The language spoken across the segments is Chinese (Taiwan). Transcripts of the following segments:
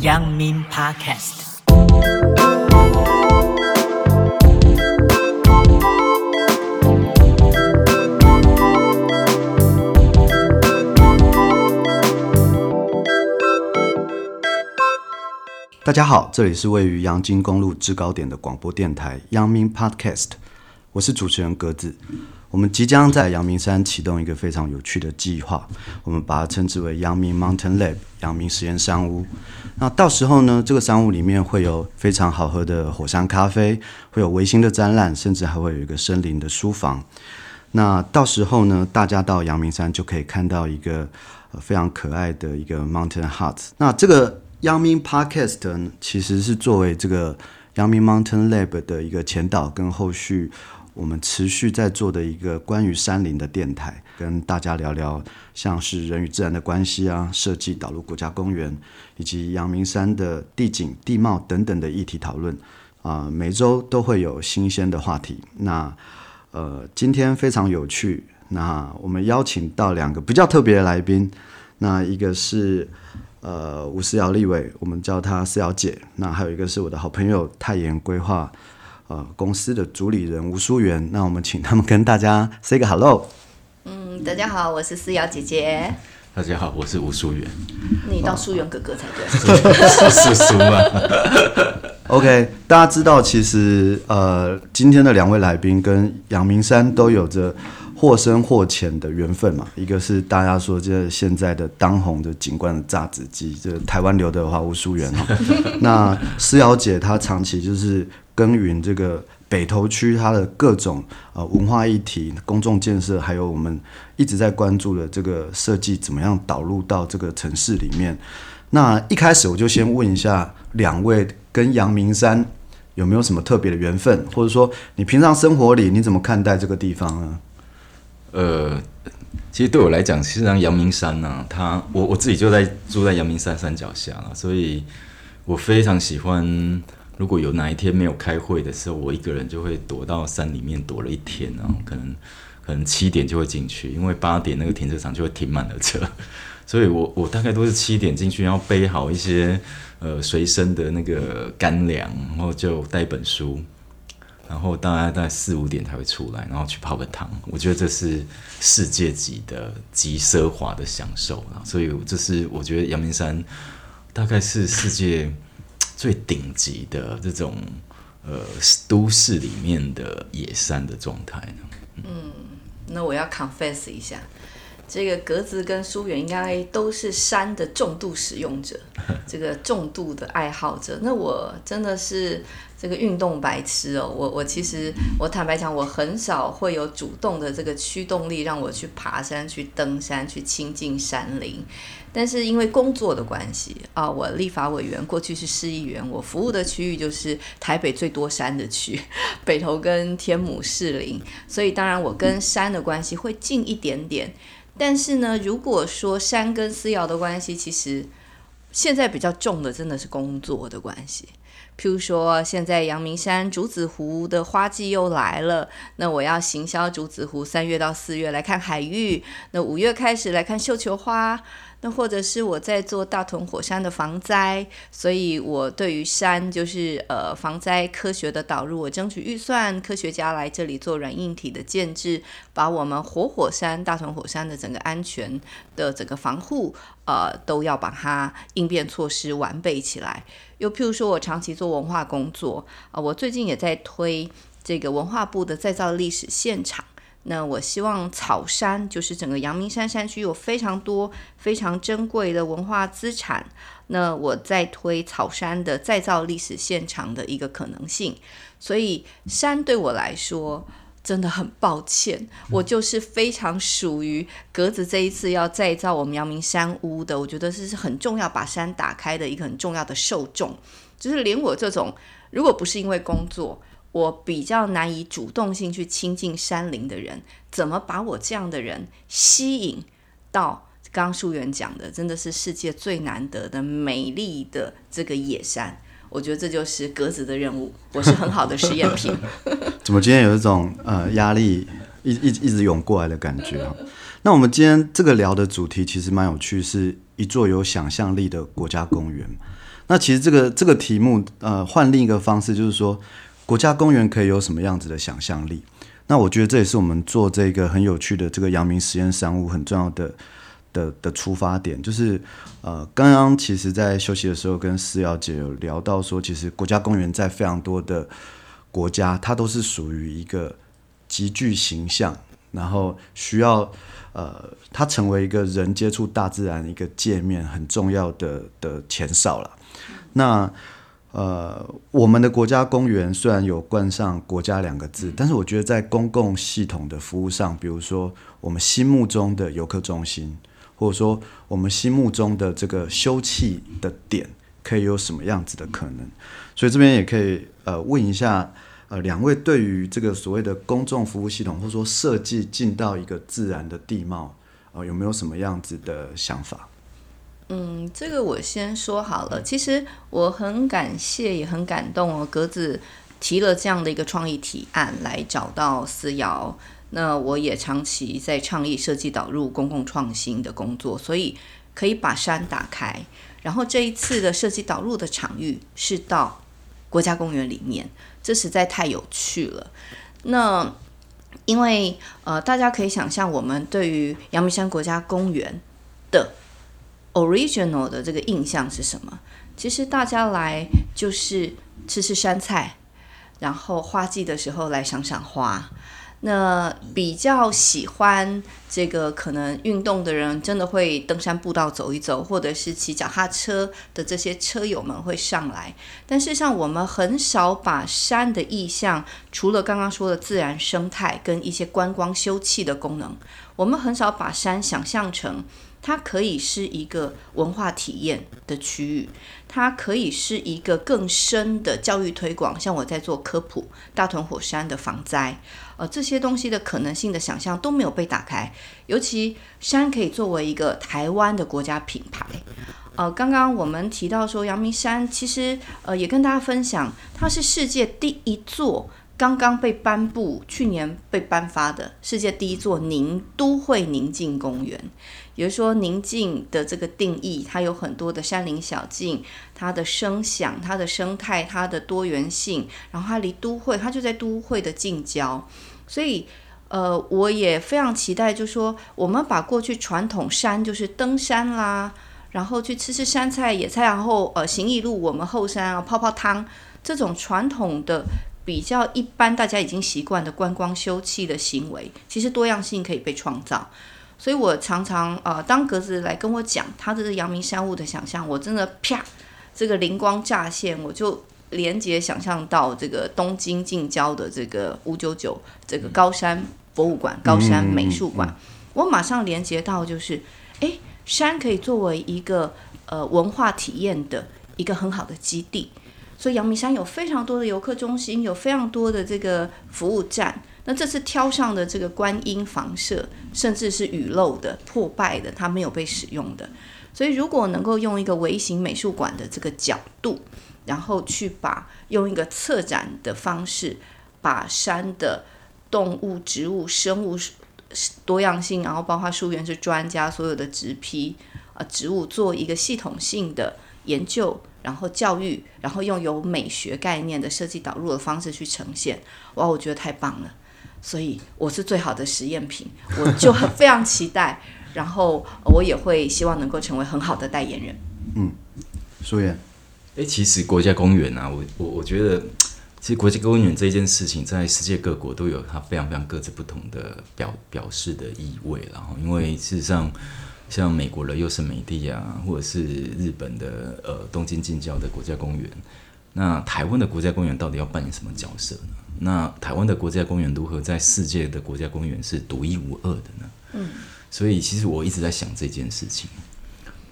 楊明 Podcast，大家好，這裡是位於陽金公路制高點的廣播電臺，楊明 Podcast，我是主持人格子。我們即將在陽明山啟動一個非常有趣的計劃，我們把它稱之為陽明 Mountain Lab 陽明實驗山屋。那到時候呢，這個山屋裡面會有非常好喝的火山咖啡，會有衛星的展覽，甚至還會有一個森林的書房。那到時候呢，大家到陽明山就可以看到一個非常可愛的一個 Mountain Hut。那這個陽明 Podcast 其實是作為這個陽明 Mountain Lab 的一個前導跟後續。我們持續在做的一個關於山林的電台，跟大家聊聊像是人與自然的關係啊，設計導入國家公園，以及陽明山的地景、地貌等等的議題討論。啊、呃，每週都會有新鮮的話題。那呃，今天非常有趣。那我們邀請到兩個比較特別的來賓。那一個是呃吳思瑤立委，我們叫她思瑤姐。那還有一個是我的好朋友太研規劃。呃、公司的主理人吳書原，那我們請他們跟大家 say 個 hello。嗯，大家好，我是思瑤姐姐，嗯。大家好，我是吳書原。你當書原哥哥才對，是是是 ，OK。大家知道，其實呃，今天的兩位來賓跟陽明山都有着，或深或淺的緣分嘛，一個是大家說這現在的當紅的景觀的炸子雞，這台灣劉德華吳書原哈。 那思瑤姐她長期就是耕耘這個北投區，它的各種呃文化議題、公眾建設，還有我們一直在關注的這個設計怎麼樣導入到這個城市裡面。那一開始我就先問一下兩位跟陽明山有沒有什麼特別的緣分，或者說你平常生活裡你怎麼看待這個地方呢？呃，其實對我來講，其實像陽明山啊，它我我自己就在住在陽明山山腳下，所以我非常喜歡。如果有哪一天沒有開會的時候，我一個人就會躲到山裡面躲了一天，然後可能可能七點就會進去，因為八點那個停車場就會停滿了車，所以我我大概都是七點進去，然後背好一些呃隨身的那個乾糧，然後就帶本書。然後大概在四五點才會出來，然後去泡個湯。我覺得這是世界級的極奢華的享受，所以這是我覺得陽明山大概是世界最頂級的這種呃都市裡面的野山的狀態呢。嗯，那我要 confess 一下，這個格子跟書原應該都是山的重度使用者， 這個重度的愛好者。那我真的是。這個運動白痴哦，我我其實我坦白講，我很少會有主動的這個驅動力讓我去爬山、去登山、去親近山林。但是因為工作的關係啊、哦，我立法委員過去是市議員，我服務的區域就是台北最多山的區，北投跟天母士林，所以當然我跟山的關係會近一點點。但是呢，如果說山跟思瑤的關係，其實現在比較重的真的是工作的關係。譬如說，現在陽明山竹子湖的花季又來了，那我要行銷竹子湖，三月到四月來看海芋，那五月開始來看繡球花。那或者是我在做大屯火山的防災，所以我對於山就是呃防災科學的導入，我爭取預算，科學家來這裡做軟硬體的建制，把我們活火，火山大屯火山的整個安全的整個防護，呃，都要把它應變措施完備起來。又譬如說，我長期做文化工作，啊、呃，我最近也在推這個文化部的再造歷史現場。那我希望草山就是整個陽明山山區有非常多非常珍貴的文化資產。那我在推草山的再造歷史現場的一個可能性。所以山對我來說真的很抱歉，我就是非常屬於格子這一次要再造我們陽明山屋的，我覺得這是很重要把山打開的一個很重要的受眾，就是連我這種如果不是因為工作。我比較難以主動性去親近山林的人，怎麼把我這樣的人吸引到？剛剛書原講的，真的是世界最難得的美麗的這個野山，我覺得這就是格子的任務。我是很好的實驗品。 怎麼今天有一種呃壓力一一直一直湧過來的感覺啊？ 那我們今天這個聊的主題其實蠻有趣，是一座有想象力的國家公園。那其實這個這個題目，呃，換另一個方式就是說，國家公園可以有什麼樣子的想象力那我覺得這也是我們做這個很有趣的這個陽明實驗商務很重要的的的出發點，就是呃，剛剛其實在休息的時候跟思瑤姐有聊到說，其實國家公園在非常多的國家，它都是屬於一個極具形象，然後需要呃，它成為一個人接觸大自然的一個界面很重要的的前哨了。那呃，我們的國家公園雖然有冠上“國家”兩個字，但是我覺得在公共系統的服務上，比如說我們心目中的遊客中心，或者說我們心目中的這個休憩的點，可以有什麼樣子的可能？所以這邊也可以呃問一下呃兩位對於這個所謂的公眾服務系統，或者說設計進到一個自然的地貌，呃，有沒有什麼樣子的想法？嗯，這個我先說好了。其實我很感謝，也很感動哦。格子提了這樣的一個創意提案，來找到思瑤。那我也長期在倡議設計導入公共創新的工作，所以可以把山打開。然後這一次的設計導入的場域是到國家公園裡面，這實在太有趣了。那因為呃，大家可以想象，我們對於陽明山國家公園的 Original 的這個印象是什麼？其實大家來就是吃吃山菜，然後花季的時候來賞賞花。那比較喜歡這個可能運動的人，真的會登山步道走一走，或者是騎腳踏車的這些車友們會上來。但事實上，我們很少把山的意象，除了剛剛說的自然生態跟一些觀光休憩的功能，我們很少把山想象成。它可以是一個文化體驗的區域，它可以是一個更深的教育推廣，像我在做科普，大屯火山的防災，呃，這些東西的可能性的想象都沒有被打開，尤其山可以作為一個台灣的國家品牌，呃，剛剛我們提到說陽明山，其實呃也跟大家分享，它是世界第一座。剛剛被頒布，去年被頒發的世界第一座寧都會寧靜公園，也就是說寧靜的這個定義，它有很多的山林小徑，它的聲響、它的生態、它的多元性，然後它離都會，它就在都會的近郊，所以呃，我也非常期待就是說，就說我們把過去傳統山，就是登山啦，然後去吃吃山菜野菜，然後呃行一路我們後山啊，泡泡湯這種傳統的。比較一般，大家已經習慣的觀光休憩的行為，其實多樣性可以被創造。所以，我常常啊、呃，當格子來跟我講他這是陽明山霧的想象，我真的啪，這個靈光乍現，我就連接想象到這個東京近郊的這個五九九這個高山博物館、嗯、高山美術館，嗯、我馬上連接到就是，哎、欸，山可以作為一個呃文化體驗的一個很好的基地。所以陽明山有非常多的遊客中心，有非常多的這個服務站。那這次挑上的這個觀音房舍，甚至是雨漏的、破敗的，它沒有被使用的。所以如果能夠用一個微型美術館的這個角度，然後去把用一個策展的方式，把山的動物、植物、生物多樣性，然後包括書原是專家所有的植皮啊，植物做一個系統性的研究。然後教育，然後用有美學概念的設計導入的方式去呈現，哇，我覺得太棒了！所以我是最好的實驗品，我就很非常期待， 然後我也會希望能夠成為很好的代言人。嗯，書原，哎、欸，其實國家公園啊，我我我覺得，其實國家公園這件事情，在世界各國都有它非常非常各自不同的表表示的意味，然後因為事實上。像美國的優勝美地啊，或者是日本的呃東京近郊的國家公園，那台灣的國家公園到底要扮演什麼角色呢？那台灣的國家公園如何在世界的國家公園是獨一無二的呢？嗯，所以其實我一直在想這件事情。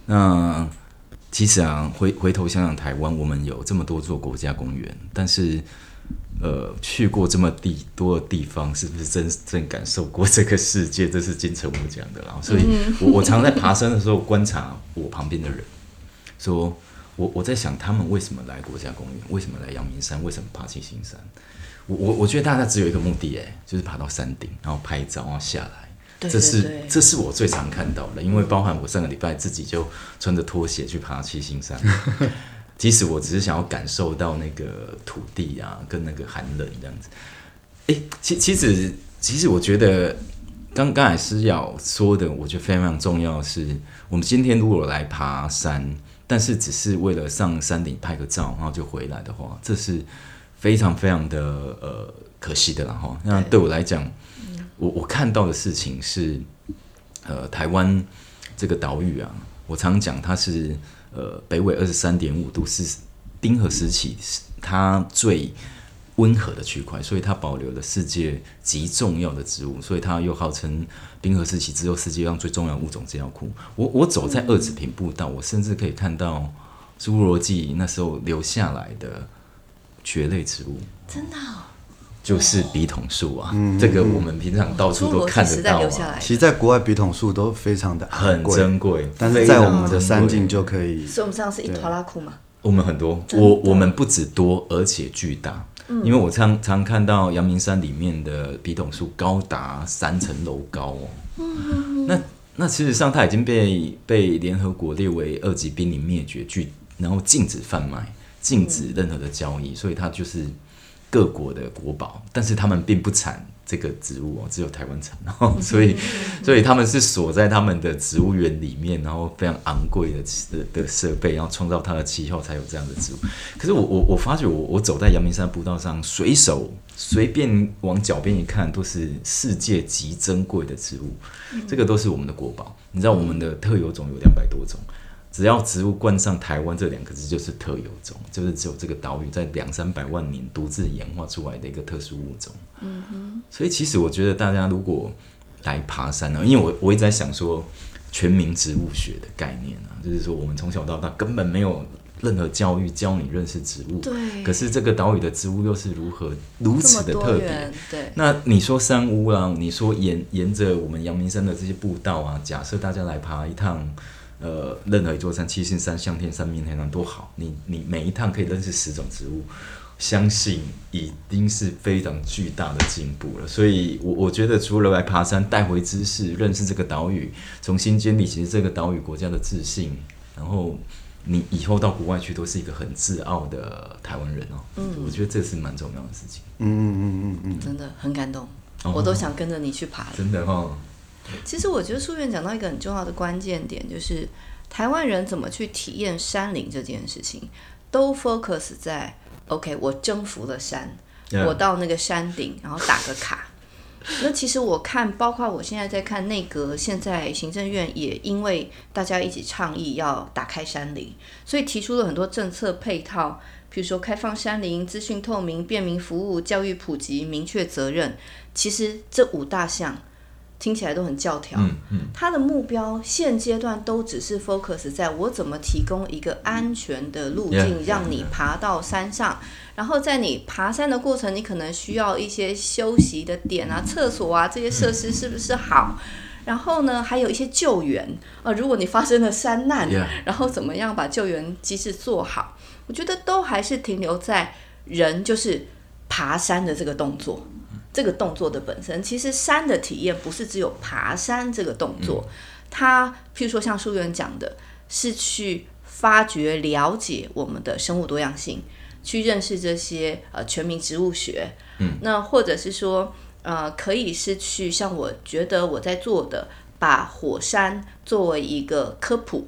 那其實啊，回回頭想想台灣，我們有這麼多座國家公園，但是。呃，去過這麼地多的地方，是不是真正感受過這個世界？這是金城武講的，然後所以我我常在爬山的時候觀察我旁邊的人， 說我我在想他們為什麼來國家公園，為什麼來陽明山，為什麼爬七星山？我我我覺得大家只有一個目的、欸、哎，就是爬到山頂，然後拍照，然後下來。這是對對對，這是我最常看到的，因為包含我上個禮拜自己就穿着拖鞋去爬七星山。 即使我只是想要感受到那個土地啊，跟那個寒冷這樣子。誒、欸，其其實其實我覺得剛剛才思瑤說的，我覺得非常重要的是，我們今天如果來爬山，但是只是為了上山頂拍個照，然後就回來的話，這是非常非常的呃可惜的了哈。那對我來講，我我看到的事情是，呃，台灣這個島嶼啊，我常講它是。呃，北緯二十三點五度是冰河時期它最溫和的區塊，所以它保留了世界極重要的植物，所以它又號稱冰河時期之後世界上最重要的物種資料庫。我我走在二子坪步道，嗯、我甚至可以看到侏羅紀那時候留下來的蕨類植物，真的、哦。就是筆筒樹啊，這個我們平常到處都看得到啊。其實，在國外筆筒樹都非常的很珍貴，但是在我們的山景就可以。所以，我們山上是一拖拉庫嘛？我們很多，我我們不止多，而且巨大。因為我常常看到陽明山裡面的筆筒樹高達三層樓高哦。那那事實上，它已經被被聯合國列為二級瀕臨滅絕，去然後禁止販賣，禁止任何的交易，所以它就是。各國的國寶，但是他們並不產這個植物哦，只有台灣產哦，所以，所以他們是鎖在他們的植物園裡面，然後非常昂貴的的設備，然後創造它的氣候，才有這樣的植物。可是我我我發覺我，我我走在陽明山步道上，隨手隨便往腳邊一看，都是世界極珍貴的植物，這個都是我們的國寶。你知道，我們的特有種有兩百多種。只要植物冠上“台灣”這兩個字，就是特有種，就是只有這個島嶼在兩三百萬年獨自演化出來的一個特殊物種。嗯哼。所以其實我覺得，大家如果來爬山呢，啊，因為我我一直在想說，全民植物學的概念啊，就是說我們從小到大根本沒有任何教育教你認識植物。對。可是這個島嶼的植物又是如何如此的特別？對。那你說山屋啊？你說沿沿着我們陽明山的這些步道啊，假設大家來爬一趟。呃，任何一座山，七星山、向天山、明天山都好，你你每一趟可以認識十種植物，相信已經是非常巨大的進步了。所以，我我覺得除了來爬山帶回知識、認識這個島嶼，重新建立起這個島嶼國家的自信，然後你以後到國外去都是一個很自傲的台灣人哦。嗯,嗯，我覺得這是蠻重要的事情。嗯嗯嗯嗯嗯，真的很感動，我都想跟着你去爬了、哦、真的哦。其實我覺得書原講到一個很重要的關鍵點，就是台灣人怎麼去體驗山林這件事情，都 focus 在 OK，我征服了山，我到那個山頂然後打個卡。 那其實我看，包括我現在在看內閣，現在行政院也因為大家一起倡議要打開山林，所以提出了很多政策配套，比如說開放山林、資訊透明、便民服務、教育普及、明確責任，其實這五大項。聽起來都很教條。嗯嗯，他的目標現階段都只是 focus 在我怎麼提供一個安全的路徑，嗯，讓你爬到山上。嗯，然後在你爬山的過程，你可能需要一些休息的點啊、嗯，廁所啊這些設施是不是好？嗯，然後呢，還有一些救援啊，如果你發生了山難，嗯，然後怎麼樣把救援機制做好？我覺得都還是停留在人就是爬山的這個動作。這個動作的本身，其實山的體驗不是只有爬山這個動作，嗯、它譬如說像書原講的，是去發掘、了解我們的生物多樣性，去認識這些呃全民植物學。嗯，那或者是說呃，可以是去像我覺得我在做的，把火山作為一個科普，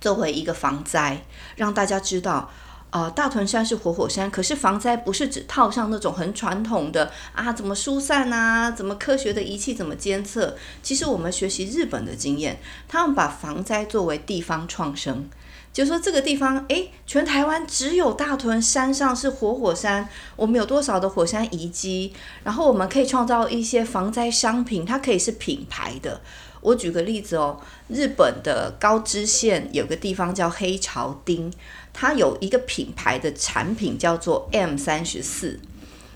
作為一個防災，讓大家知道。啊、呃，大屯山是活火山，可是防災不是只套上那種很傳統的啊，怎麼疏散啊，怎麼科學的儀器怎麼監測？其實我們學習日本的經驗，他們把防災作為地方創生，就是說這個地方，誒，全台灣只有大屯山上是活火山，我們有多少的火山遺跡，然後我們可以創造一些防災商品，它可以是品牌的。我舉個例子哦，日本的高知縣有個地方叫黑潮町。它有一個品牌的產品叫做 M 三十四，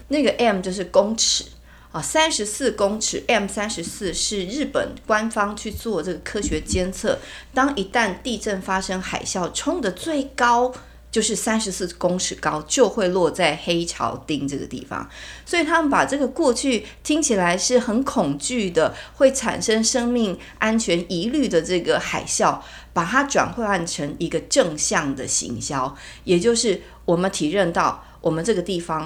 那個 M 就是公尺啊，三十四公尺。M 三十四是日本官方去做這個科學監測，當一旦地震發生，海嘯衝得最高就是三十四公尺高，就會落在黑潮町這個地方。所以他們把這個過去聽起來是很恐懼的，會產生生命安全疑慮的這個海嘯。把它轉換成一個正向的行銷，也就是我們體認到我們這個地方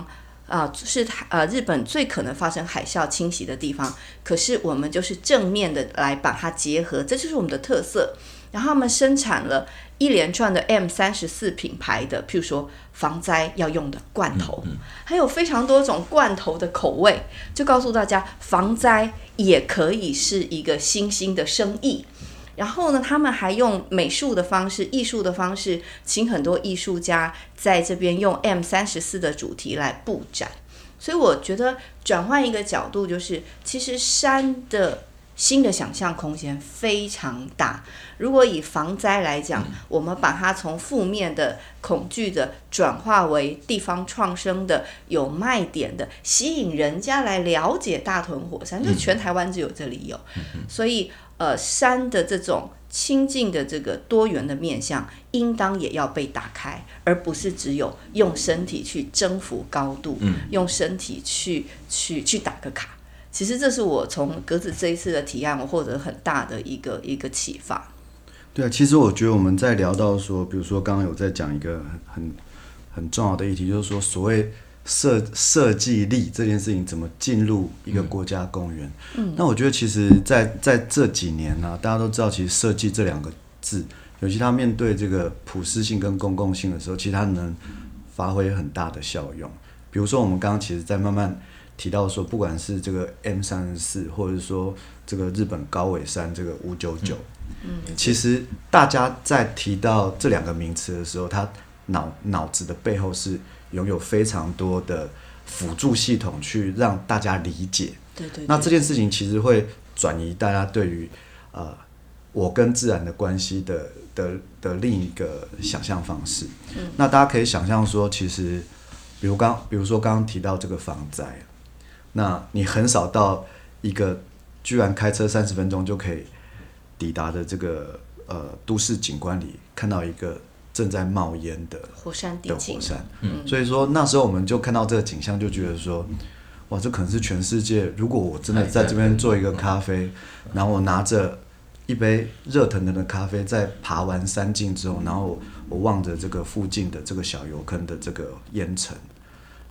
啊，呃，是呃日本最可能發生海嘯侵襲的地方，可是我們就是正面的來把它結合，這就是我們的特色。然後我們生產了一連串的 M 三十四品牌的，譬如說防災要用的罐頭，還有非常多種罐頭的口味，就告訴大家防災也可以是一個新興的生意。然後呢，他們還用美術的方式、藝術的方式，請很多藝術家在這邊用 M34 的主題來佈展。所以我覺得，轉換一個角度，就是其實山的新的想象空間非常大。如果以防災來講，我們把它從負面的恐懼的，轉化為地方創生的有賣點的，吸引人家來了解大屯火山，就全台灣只有這裡有。所以。呃，山的這種親近的這個多元的面向，應當也要被打開，而不是只有用身體去征服高度，嗯、用身體去去去打個卡。其實，這是我從格子這一次的提案我獲得很大的一個一個啟發。對啊，其實我覺得我們在聊到說，比如說剛剛有在講一個很很很重要的議題，就是說所謂。設設計力這件事情怎麼進入一個國家公園？嗯，那我覺得其實在，在在這幾年呢、啊，大家都知道，其實設計這兩個字，尤其它面對這個普適性跟公共性的時候，其實它能發揮很大的效用。比如說，我們剛剛其實，在慢慢提到說，不管是這個 M 三十四，或者是說這個日本高尾山這個五九九，其實大家在提到這兩個名詞的時候，他腦腦子的背後是。擁有非常多的輔助系統去讓大家理解。對，對，對。那這件事情其實會轉移大家對於呃，我跟自然的關係的的的，的另一個想象方式。嗯。那大家可以想象說，其實比如剛比如說剛剛提到這個防災，那你很少到一個居然開車三十分鐘就可以抵達的這個呃都市景觀裡看到一個。正在冒煙的火山頂的火山，嗯，所以說那時候我們就看到這個景象，就覺得說、嗯，哇，這可能是全世界。如果我真的在這邊做一個咖啡，哎、然後我拿着一杯熱騰騰的咖啡，嗯、在爬完山徑之後，然後我、嗯、我望着這個附近的這個小油坑的這個煙塵，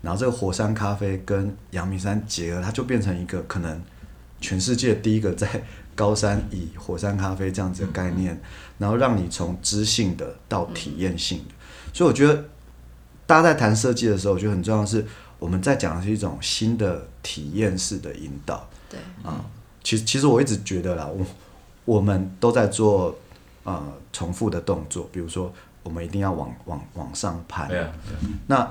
然後這個火山咖啡跟陽明山結合，它就變成一個可能全世界第一個在。高山以火山咖啡這樣子的概念，然後讓你從知性的到體驗性的，所以我覺得大家在談設計的時候，我覺得很重要的是我們在講的是一種新的體驗式的引導。對啊，其實其實我一直覺得啦，我我們都在做呃重複的動作，比如說我們一定要往往往上攀，嗯。那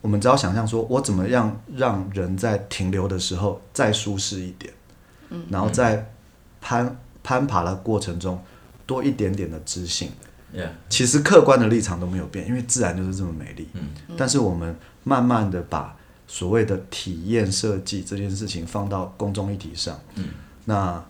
我們只要想象說，我怎麼樣讓人在停留的時候再舒適一點，嗯，然後再。攀攀爬的過程中，多一點點的知性，Yeah. 其實客觀的立場都沒有變，因為自然就是這麼美麗。嗯、但是我們慢慢的把所謂的體驗設計這件事情放到公眾議題上。嗯、那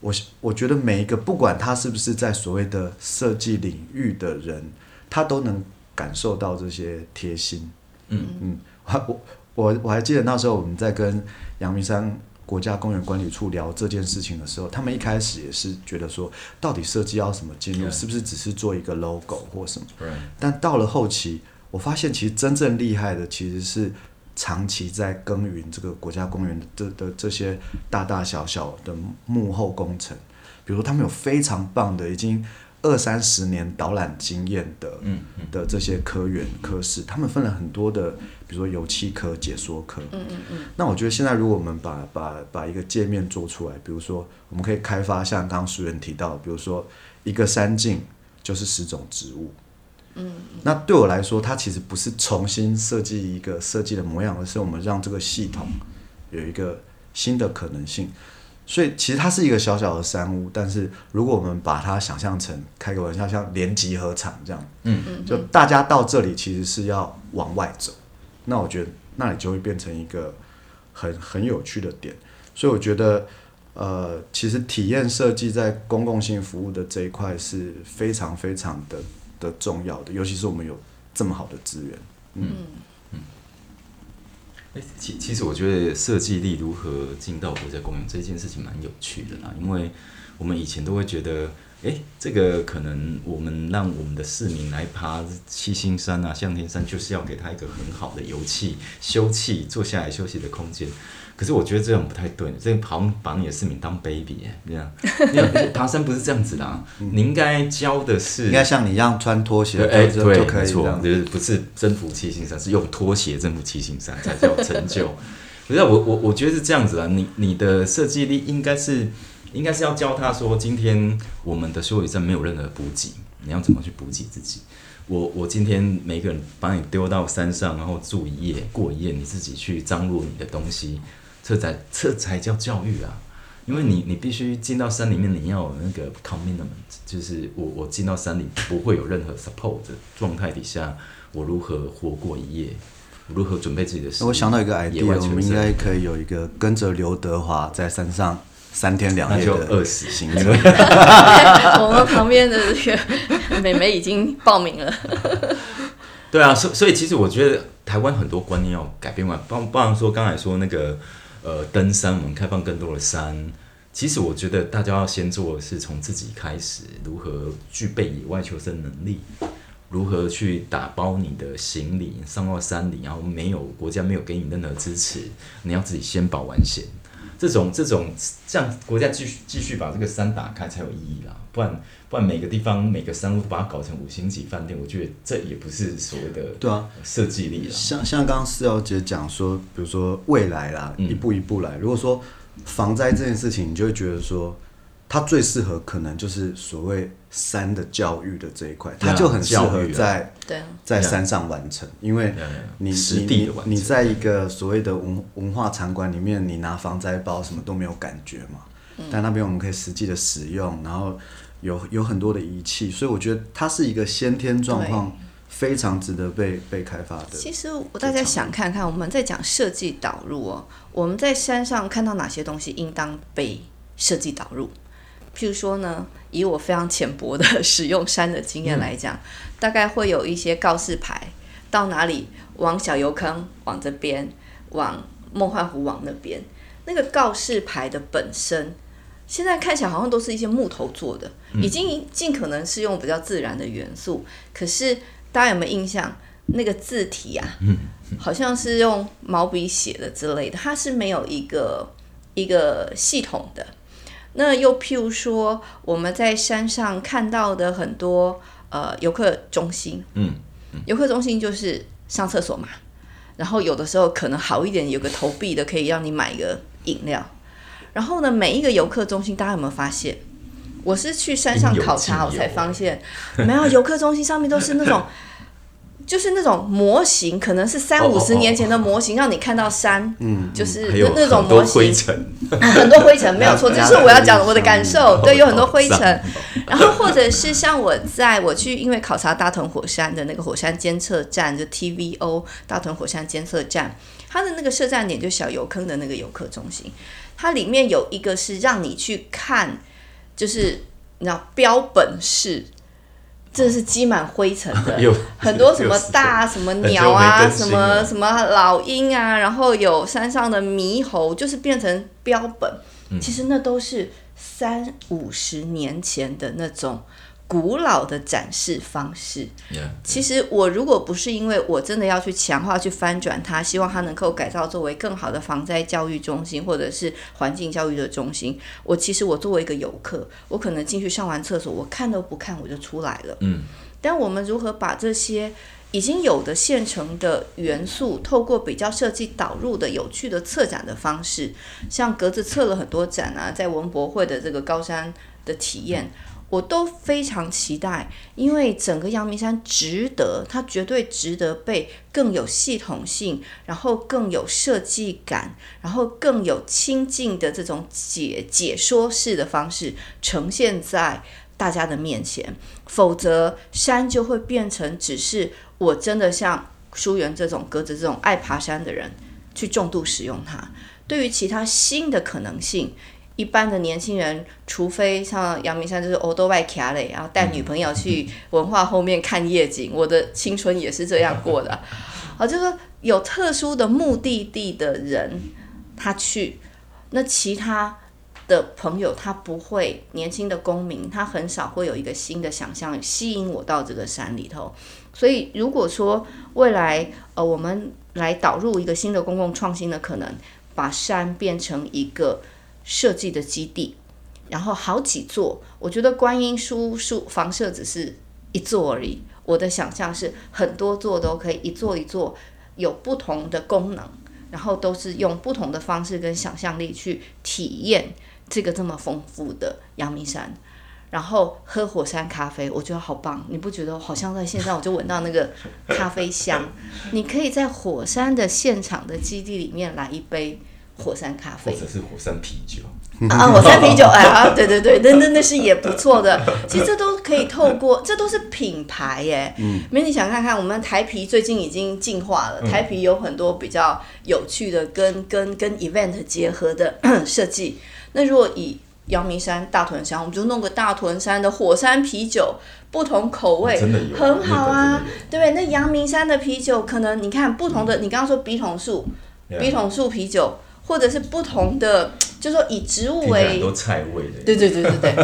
我我覺得每一個不管他是不是在所謂的設計領域的人，他都能感受到這些貼心。嗯嗯，我我我還記得那時候我們在跟陽明山國家公園管理處聊這件事情的時候，他們一開始也是覺得說，到底設計要什麼經驗，是不是只是做一個 logo 或什麼？但到了後期，我發現其實真正厲害的其實是長期在耕耘這個國家公園的這的這些大大小小的幕後工程，比如他們有非常棒的已經。二三十年導覽經驗的，的這些科員科、科室，嗯，嗯、他們分了很多的，比如說遊憩科、解說科。嗯嗯、那我覺得現在如果我們把把把一個界面做出來，比如說我們可以開發像剛剛書原提到，比如說一個山徑就是十種植物。嗯。那對我來說，它其實不是重新設計一個設計的模樣，而是我們讓這個系統有一個新的可能性。所以其實它是一個小小的山屋，但是如果我們把它想象成開個玩笑，像連集合場這樣，嗯嗯，嗯嗯，就大家到這裡其實是要往外走，那我覺得那裡就會變成一個很很有趣的點。所以我覺得，呃，其實體驗設計在公共性服務的這一塊是非常非常的的重要的，尤其是我們有這麼好的資源，嗯。嗯哎，其其實我覺得設計力如何進到國家公園這件事情蠻有趣的啦，因為我們以前都會覺得，哎、欸，這個可能我們讓我們的市民來爬七星山啊、向天山，就是要給他一個很好的遊憩、休憩、坐下來休息的空間。可是我覺得這種不太對，這個好像把你的市民當 baby 哎、欸，這樣， 爬山不是這樣子的，嗯、你應該教的是，應該像你一樣穿拖鞋，哎、欸，對，沒錯，就是不是征服七星山，是用拖鞋征服七星山才叫成就。不 是我我我覺得是這樣子啊，你你的設計力應該是應該是要教他說，今天我們的休息站沒有任何補給，你要怎麼去補給自己？我我今天每個人把你丟到山上，然後住一夜 過一夜，你自己去張羅你的東西。這才這才叫教育啊！因為你你必須進到山裡面，你要有那個 commitment，就是我我進到山裡不會有任何 support 的狀態底下，我如何活過一夜，我如何準備自己的事情。我想到一個 idea，我們應該可以有一個跟着劉德華在山上三天兩夜的餓死行為。我們旁邊的這個美眉已經報名了 對啊，所以所以其實我覺得台灣很多觀念要改變完，不然不然說剛才說那個。呃，登山我們開放更多的山，其實我覺得大家要先做的是從自己開始，如何具備野外求生能力，如何去打包你的行李上到山裡，然後沒有國家沒有給你任何支持，你要自己先保完險。這種這種，這樣國家繼續繼續把這個山打開才有意義啦，不然。不然每個地方每個山路都把它搞成五星級飯店，我覺得這也不是所謂的對啊設計力啊。像像剛剛思瑤姐講說，比如說未來啦，嗯、一步一步來。如果說防災這件事情，你就會覺得說，它最適合可能就是所謂山的教育的這一塊，嗯、它就很適合在對、啊、在山上完成，因為你實地，你在一個所謂的文文化場館裡面，你拿防災包什麼都沒有感覺嘛。嗯、但那邊我們可以實際的使用，然後，有有很多的儀器，所以我覺得它是一個先天狀況，非常值得被被開發的。其實我大家想看看，我們在講設計導入哦、喔，我們在山上看到哪些東西應當被設計導入？譬如說呢，以我非常淺薄的使用山的經驗來講，嗯、大概會有一些告示牌，到哪裡往小油坑，往這邊，往夢幻湖往那邊，那個告示牌的本身。現在看起來好像都是一些木頭做的，已經盡可能是用比較自然的元素。嗯，可是大家有沒有印象，那個字體啊？嗯，好像是用毛筆寫的之類的，它是沒有一個一個系統的。那又譬如說，我們在山上看到的很多呃遊客中心，嗯，嗯遊客中心就是上廁所嘛，然後有的時候可能好一點，有個投幣的可以讓你買個飲料。然後呢，每一個遊客中心，大家有沒有發現？我是去山上考察，我才發現有有、啊、 沒有遊客中心上面都是那種， 就是那種模型，可能是三五十年前的模型，oh, oh, oh. 讓你看到山，嗯，就是那種模型，很多灰塵， 很多灰塵，沒有錯，這是我要講我的感受， 對，有很多灰塵。 然後或者是像我在我去，因為考察大屯火山的那個火山監測站，就 T V O 大屯火山監測站，它的那個設站點就小油坑的那個遊客中心。它裡面有一個是讓你去看，就是你知道標本室，這是積滿灰塵的， 又很多什麼大 是什麼鳥啊，啊什麼什麼老鷹啊，然後有山上的獼猴，就是變成標本。嗯，其實那都是三五十年前的那種。古老的展示方式，yeah, yeah. 其實我如果不是因為我真的要去強化去翻轉它，希望它能夠改造作為更好的防災教育中心或者是環境教育的中心。我其實我作為一個遊客，我可能進去上完廁所，我看都不看我就出來了。嗯，但我們如何把這些已經有的現成的元素，透過比較設計導入的有趣的策展的方式，像格子策了很多展啊，在文博會的這個高山的體驗。嗯我都非常期待，因為整個陽明山值得，它絕對值得被更有系統性，然後更有設計感，然後更有親近的這種解解說式的方式呈現在大家的面前。否則，山就會變成只是我真的像書原這種、鴿子這種愛爬山的人去重度使用它。對於其他新的可能性。一般的年輕人，除非像陽明山就是歐都外卡嘞，然後帶女朋友去文化後面看夜景。我的青春也是這樣過的。而 就是說有特殊的目的地的人，他去那其他的朋友，他不會年輕的公民，他很少會有一個新的想象吸引我到這個山裡頭。所以，如果說未來呃，我們來導入一個新的公共創新的可能，把山變成一個。設計的基地，然後好幾座，我覺得觀音書書房舍只是一座而已。我的想象是很多座都可以一座一座有不同的功能，然後都是用不同的方式跟想象力去體驗這個這麼豐富的陽明山，然後喝火山咖啡。我覺得好棒，你不覺得？好像在現在我就聞到那個咖啡香，你可以在火山的現場的基地裡面來一杯。火山咖啡，或者是火山啤酒啊，啊，火山啤酒， 哎啊，對對對，那那 那是也不錯的。其實這都可以透過，這都是品牌耶、欸。嗯，沒你想看看，我們台啤最近已經進化了，台啤有很多比較有趣的跟、嗯、跟跟 event 結合的設計。那如果以陽明山大屯山，我們就弄個大屯山的火山啤酒不同口味，真的很好啊，對不對？那陽明山的啤酒可能你看不同的，嗯、你剛剛說筆筒樹、筆筒、嗯、樹啤酒。或者是不同的，嗯、就是說以植物為很菜味的，對對對對對，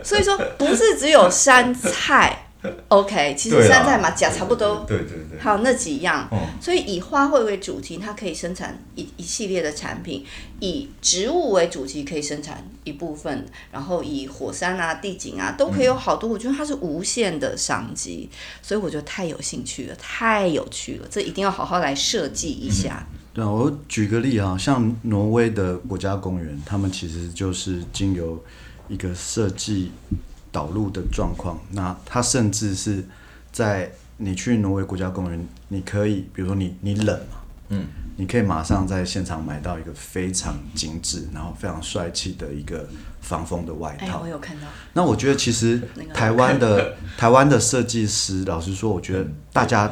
所以說不是只有山菜 ，OK，其實山菜嘛加差不多對、啊，對對對，還有那幾樣，嗯、所以以花卉為主題，它可以生產一一系列的產品，以植物為主題可以生產一部分，然後以火山啊、地景啊都可以有好多，嗯、我覺得它是無限的商機，所以我覺得太有興趣了，太有趣了，這一定要好好來設計一下。嗯對、啊，我舉個例子啊。像挪威的國家公園，他們其實就是經由一個設計導入的狀況。那他甚至是在你去挪威國家公園，你可以，比如說你你冷嘛，嗯，你可以馬上在現場買到一個非常精致，嗯、然後非常帥氣的一個防風的外套。哎、我有看到。那我覺得其實台灣的台灣的設計師，老實說，我覺得大家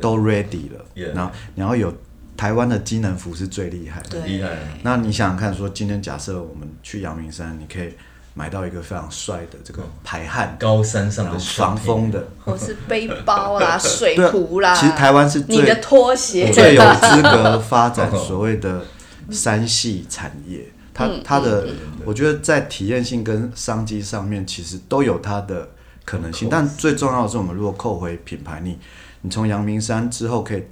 都 ready 了，然後 Yeah. 然後有。台灣的機能服是最厲害的，對那你想想看，說今天假設我們去陽明山，你可以買到一個非常帥的這個排汗高山上的防風的，或是背包、啊、 啦、水壺啦。其實台灣是最你的拖鞋最有資格發展所謂的山系產業。 嗯、它它的，嗯嗯、我覺得在體驗性跟商機上面，其實都有它的可能性。嗯、但最重要的是，我們如果扣回品牌，你你從陽明山之後可以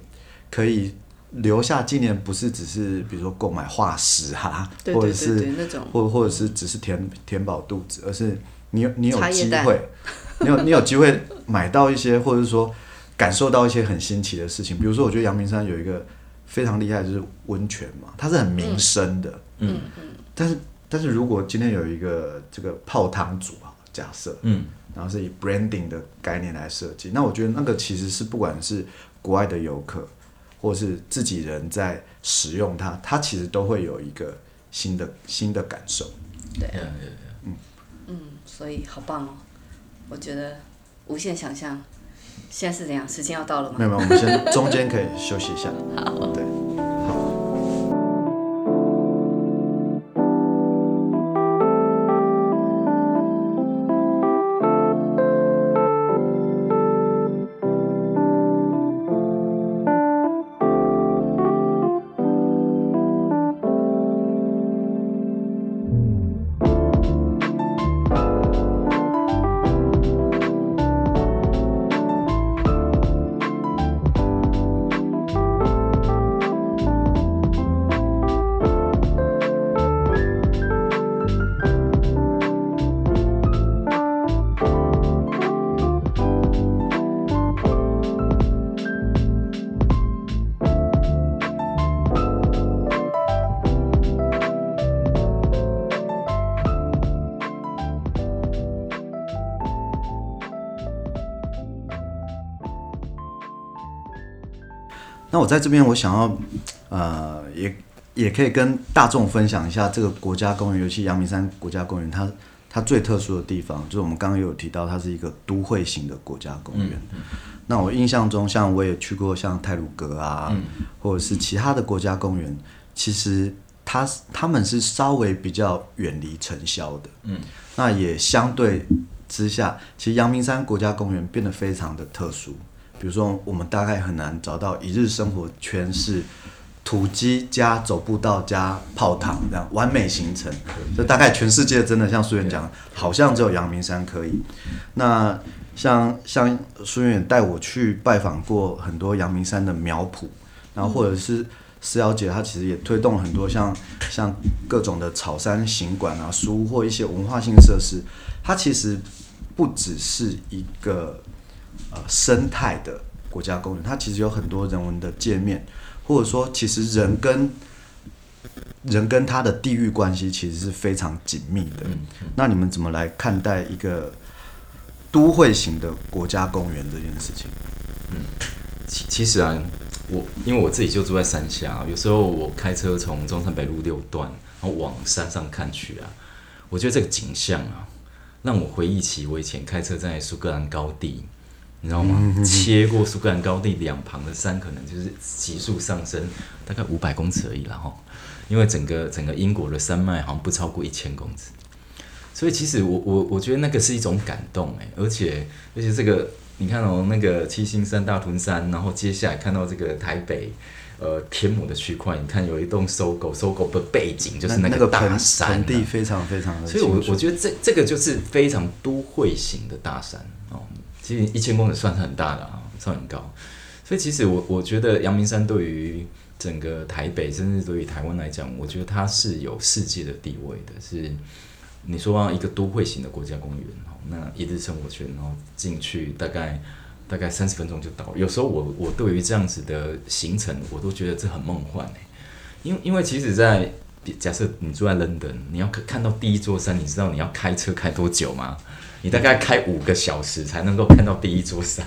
可以。留下紀念不是只是比如說購買化石啊，對對對對，或者是或種或者是只是填填飽肚子，而是你有你有機會，你有你有機會買到一些， 或者是說感受到一些很新奇的事情。比如說，我覺得陽明山有一個非常厲害，就是溫泉嘛，它是很民生的。嗯嗯。嗯，但是但是如果今天有一個這個泡湯組啊，假設嗯，然後是以 branding 的概念來設計，那我覺得那個其實是不管是國外的遊客，或是自己人在使用它，它其實都會有一個新的新的感受。對對，yeah, yeah, yeah. 嗯嗯，所以好棒哦！我覺得無限想象現在是怎樣？時間要到了嗎？沒有沒有，我們先中間可以休息一下。 好，對。我在這邊，我想要，呃，也也可以跟大眾分享一下這個國家公園，尤其陽明山國家公園，它它最特殊的地方，就是我們剛剛也有提到，它是一個都會型的國家公園。嗯、那我印象中，像我也去過像太魯閣啊，嗯、或者是其他的國家公園，其實它他們是稍微比較遠離塵囂的。嗯，那也相對之下，其實陽明山國家公園變得非常的特殊。比如說，我們大概很難找到一日生活圈是土雞加走步道加泡湯這樣完美行程。這大概全世界真的像書原講的，好像只有陽明山可以。那像像書原也帶我去拜訪過很多陽明山的苗圃，然後或者是思瑤姐她其實也推動很多像像各種的草山行館啊、書屋或一些文化性設施。它其實不只是一個。呃，生態的國家公園，它其實有很多人文的介面，或者說，其實人跟人跟它的地域關係其實是非常緊密的。嗯嗯、那你們怎麼來看待一個都會型的國家公園這件事情？嗯，其，其實啊，我因為我自己就住在山下，啊，有時候我開車從中山北路六段，然後往山上看去啊，我覺得這個景象啊，讓我回憶起我以前開車在蘇格蘭高地。你知道嗎？嗯、哼哼切過蘇格蘭高地兩旁的山，可能就是急速上升，大概五百公尺而已啦，哈、嗯哼。因為整個整個英國的山脈好像不超過一千公尺，所以其實我我我覺得那個是一種感動哎、欸，而且而且這個你看哦、喔，那個七星山、大屯山，然後接下來看到這個台北呃天母的區塊，你看有一棟收購收購的背景就是那個大山、啊，那個、盆地非常非常的，所以我我覺得這這個就是非常都會型的大山哦。喔其實一千公里算是很大的啊，算很高。所以其實我我覺得陽明山對於整個台北，甚至對於台灣來講，我覺得它是有世界的地位的。是你說、啊、一個都會型的國家公園，那一日生活圈，然後進去大概大概三十分鐘就到了。有時候我我對於這樣子的行程，我都覺得這很夢幻、欸、因為因為其實在，比假設你住在倫敦，你要看看到第一座山，你知道你要開車開多久嗎？你大概開五個小時才能夠看到第一座山，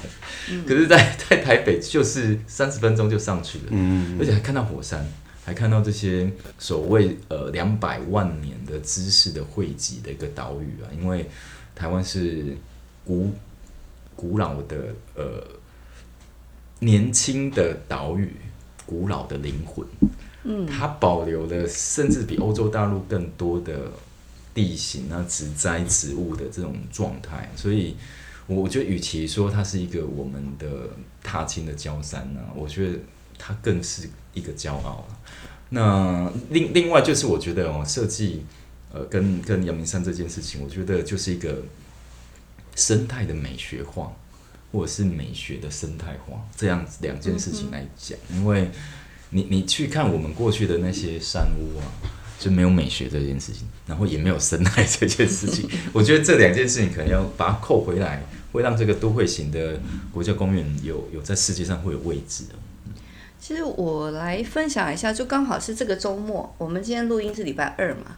嗯、可是在，在在台北就是三十分鐘就上去了，嗯，而且還看到火山，還看到這些所謂呃兩百萬年的知識的匯集的一個島嶼啊。因為台灣是古古老的呃年輕的島嶼，古老的靈、呃、魂，嗯，它保留了甚至比歐洲大陸更多的。地形啊，植栽植物的這種狀態，所以，我我覺得，與其說它是一個我們的踏青的郊山呢、啊，我覺得它更是一個驕傲、啊、那另另外就是，我覺得哦，設計呃，跟跟陽明山這件事情，我覺得就是一個生態的美學化，或者是美學的生態化這樣子兩件事情來講。嗯、哼因為你，你你去看我們過去的那些山屋啊。就沒有美學這件事情，然後也沒有生態這件事情。 我覺得這兩件事情可能要把它扣回來，會讓這個都會型的國家公園有有在世界上會有位置的。其實我來分享一下，就剛好是這個週末，我們今天錄音是禮拜二嘛，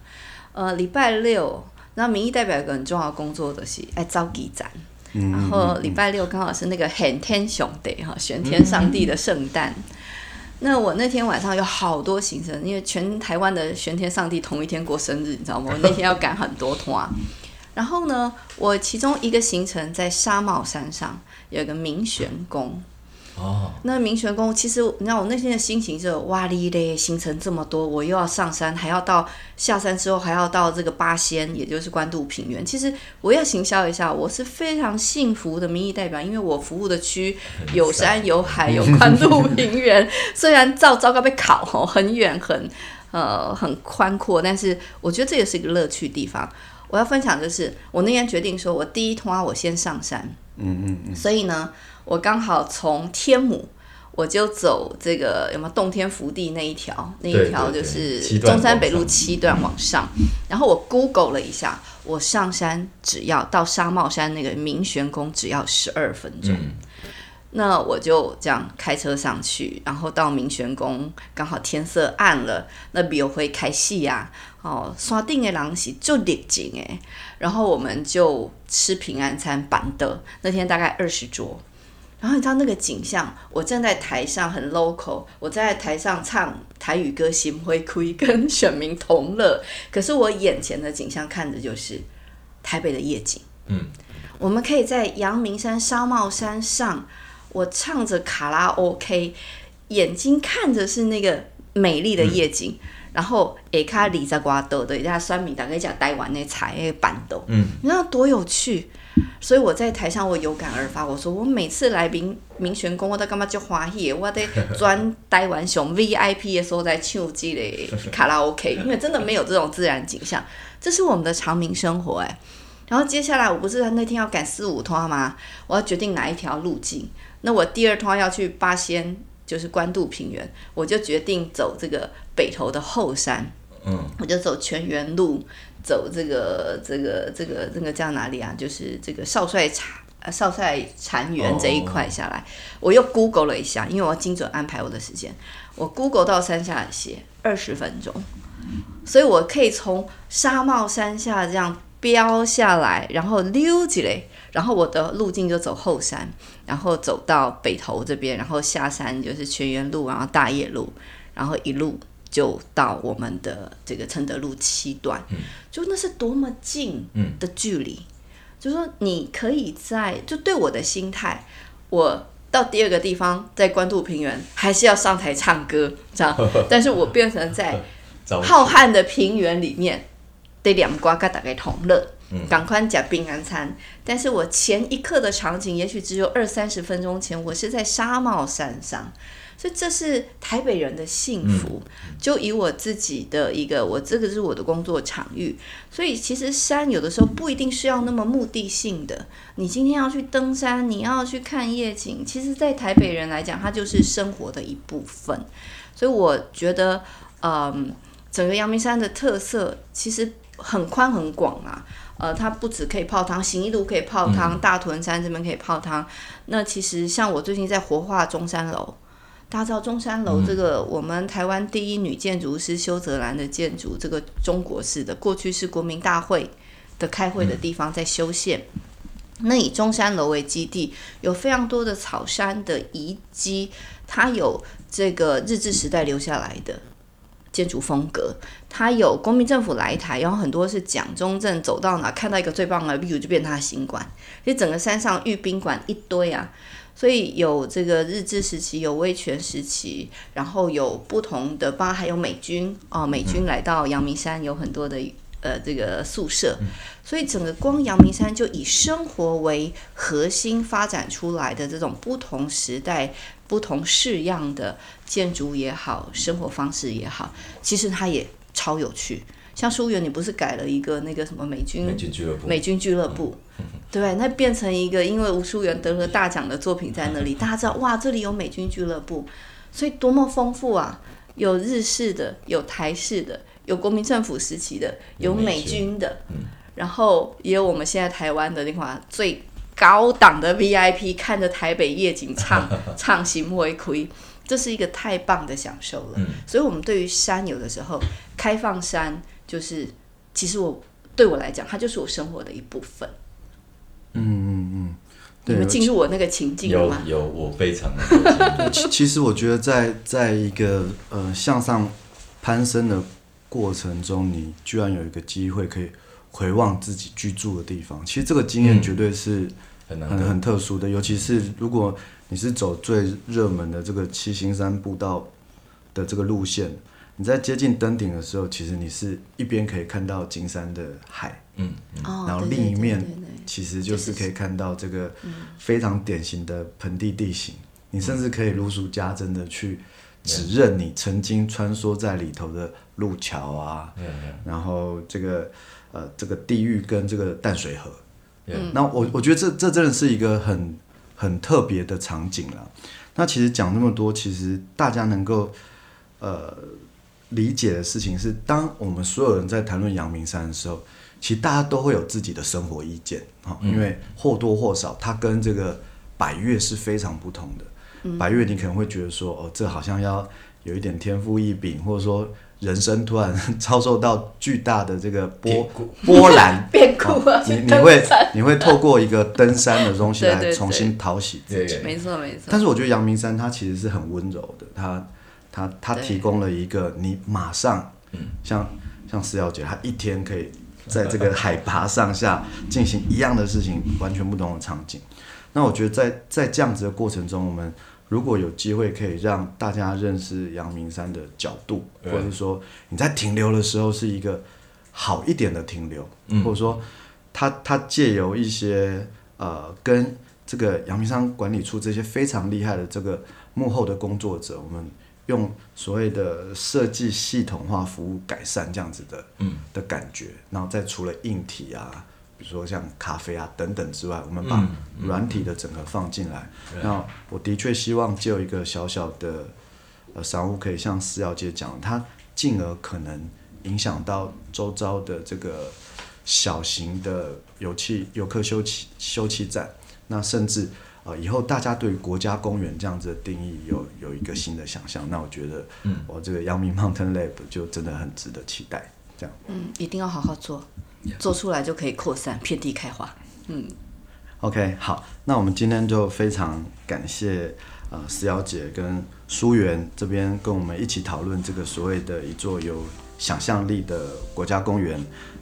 呃，禮拜六，然後民意代表一個很重要的工作的是哎召集展，然後禮拜六剛好是那個玄天兄弟哈，玄天上帝的聖誕。 那我那天晚上有好多行程，因為全台灣的玄天上帝同一天過生日，你知道嗎？我那天要趕很多趟，然後呢，我其中一個行程在紗帽山上有一個明玄宮。哦，那明泉宮其實，你知道我那天的心情是哇哩嘞？行程這麼多，我又要上山，還要到下山之後還要到這個八仙，也就是關渡平原。其實我要行銷一下，我是非常幸福的民意代表，因為我服務的區有山有海有關渡平原。很帥 雖然照糟糕被烤哦，很遠很呃很寬闊，但是我覺得這也是一個樂趣地方。我要分享的是，我那天決定說，我第一通話我先上山，嗯嗯嗯，所以呢。我剛好從天母，我就走這個有沒有洞天福地那一條？那一條就是中山北路七段往上。對對對往上，然後我 Google 了一下，我上山只要到紗帽山那個明玄宮，只要十二分鐘。嗯、那我就這樣開車上去，然後到明玄宮，剛好天色暗了，那比有會開始呀、啊。哦，山頂誒，人是就特景誒。然後我們就吃平安餐板的，那天大概二十桌。然後你知道那個景象，我站在台上很 local，我在台上唱台語歌《心灰灰》，跟選民同樂。可是我眼前的景象看着就是台北的夜景。嗯、我們可以在陽明山、紗帽山上，我唱着卡拉 OK，眼睛看着是那個美麗的夜景。嗯、然後誒，咖喱在刮豆，對，人、那個、家酸民大概講台灣那菜板豆。嗯，你知道多有趣？所以我在台上，我有感而發，我說我每次來明明玄宮，我都幹嘛就花戲，我在專待玩熊 V I P 的時候在唱機嘞卡拉 O、OK, K，因為真的沒有這種自然景象，這是我們的常民生活哎。然後接下來我不是那天要趕四五趟嗎？我要決定哪一條路徑。那我第二趟要去八仙，就是關渡平原，我就決定走這個北投的後山，嗯，我就走泉源路。走這個這個這個這個叫哪裡啊？就是這個少帥呃，少帥禪園這一塊下來，oh. 我又 Google 了一下，因為我要精準安排我的時間，我 Google 到山下寫二十分鐘，所以我可以從紗帽山下這樣飆下來，然後溜起來，然後我的路徑就走後山，然後走到北投這邊，然後下山就是泉源路，然後大業路，然後一路。就到我們的這個承德路七段，就那是多麼近的距離。嗯、就說你可以在，就對我的心態，我到第二個地方，在關渡平原還是要上台唱歌，這樣。 但是我變成在浩瀚的平原裡面， 道裡面得兩瓜跟大家同樂，趕快加平安餐。但是我前一刻的場景，也許只有二三十分鐘前，我是在紗帽山上。所以這是台北人的幸福。就以我自己的一個，我這個是我的工作場域。所以其實山有的時候不一定是要那麼目的性的。你今天要去登山，你要去看夜景，其實，在台北人來講，它就是生活的一部分。所以我覺得，嗯、呃，整個陽明山的特色其實很寬很廣啊。呃，它不只可以泡湯，行義路可以泡湯，大屯山這邊可以泡湯。嗯、那其實像我最近在活化中山樓，打造中山樓，這個我們台灣第一女建築師修澤蘭的建築，這個中國式的，過去是國民大會的開會的地方，在修憲。嗯、那以中山樓為基地，有非常多的草山的遺跡，它有這個日治時代留下來的建築風格，它有國民政府來台，然後很多是蔣中正走到哪看到一個最棒的 view 就變他的行館，所以整個山上御賓館一堆啊。所以有這個日治時期，有威權時期，然後有不同的吧。還有美軍哦，美軍來到陽明山有很多的呃、這個宿舍，所以整個光陽明山就以生活為核心發展出來的這種不同時代、不同式樣的建築也好，生活方式也好，其實它也超有趣。像書原，你不是改了一個那個什麼美軍美軍俱樂部？美軍俱樂部。對，那變成一個，因為吳淑媛得了大獎的作品在那裡，大家知道哇，這裡有美軍俱樂部，所以多麼豐富啊！有日式的，有台式的，有國民政府時期的，有美軍的，嗯、然後也有我們現在台灣的那款、啊、最高檔的 VIP，看着台北夜景唱， 唱唱行回饋，這是一個太棒的享受了。嗯、所以我們對於山有的時候，開放山就是，其實我對我來講，它就是我生活的一部分。嗯嗯嗯，有、嗯、進入我那個情境有嗎？有，有我非常。 的，其實我覺得在，在在一個呃向上攀升的過程中，你居然有一個機會可以回望自己居住的地方，其實這個經驗絕對是很、嗯、很很特殊的。尤其是如果你是走最熱門的這個七星山步道的這個路線，你在接近登頂的時候，其實你是一邊可以看到金山的海。嗯，嗯然後另一面，其實就是可以看到這個非常典型的盆地地形。嗯、你甚至可以如數家珍的去指認你曾經穿梭在裡頭的路橋啊，嗯嗯、然後這個呃這個地域跟這個淡水河。嗯、那我我覺得這這真的是一個很很特別的場景了。那其實講那麼多，其實大家能夠呃理解的事情是，當我們所有人在談論陽明山的時候，其實大家都會有自己的生活意見啊，因為或多或少，它跟這個百岳是非常不同的。嗯、百岳你可能會覺得說，哦，這好像要有一點天賦異稟，或者說人生突然遭受到巨大的這個波、欸、波瀾蘭變故，哦，你你會山你會透過一個登山的東西來重新討喜自己。沒錯沒錯。但是我覺得陽明山它其實是很溫柔的，它它它提供了一個你馬上，對像像四小姐，她一天可以。在這個海拔上下進行一樣的事情，完全不同的場景。那我覺得在，在在這樣子的過程中，我們如果有機會可以讓大家認識陽明山的角度，或者是說你在停留的時候是一個好一點的停留，或者說他他借由一些呃跟這個陽明山管理處這些非常厲害的這個幕後的工作者，我們。用所謂的設計系統化服務改善這樣子的，嗯、的感覺，然後再除了硬體啊，比如說像咖啡啊等等之外，嗯、我們把軟體的整合放進來。嗯嗯、那我的確希望就一個小小的、呃、商務，可以像思瑤姐講，它進而可能影響到周遭的這個小型的遊憩遊客休憩休憩站，那甚至。以後大家對於國家公園這樣子的定義有有一個新的想象那我覺得，嗯，我這個陽明 Mountain Lab 就真的很值得期待。這樣，嗯，一定要好好做，做出來就可以擴散，遍地開花。嗯，OK，好，那我們今天就非常感謝啊，思、呃、瑤姐跟書原這邊跟我們一起討論這個所謂的一座有想象力的國家公園。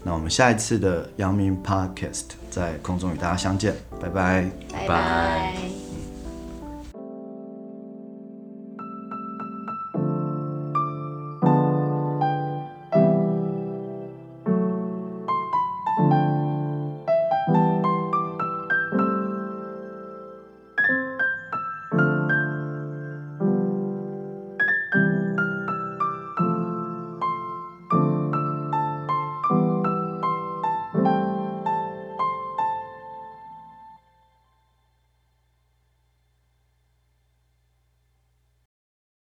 那我們下一次的陽明 Podcast 在空中與大家相見，拜拜，拜拜。拜拜。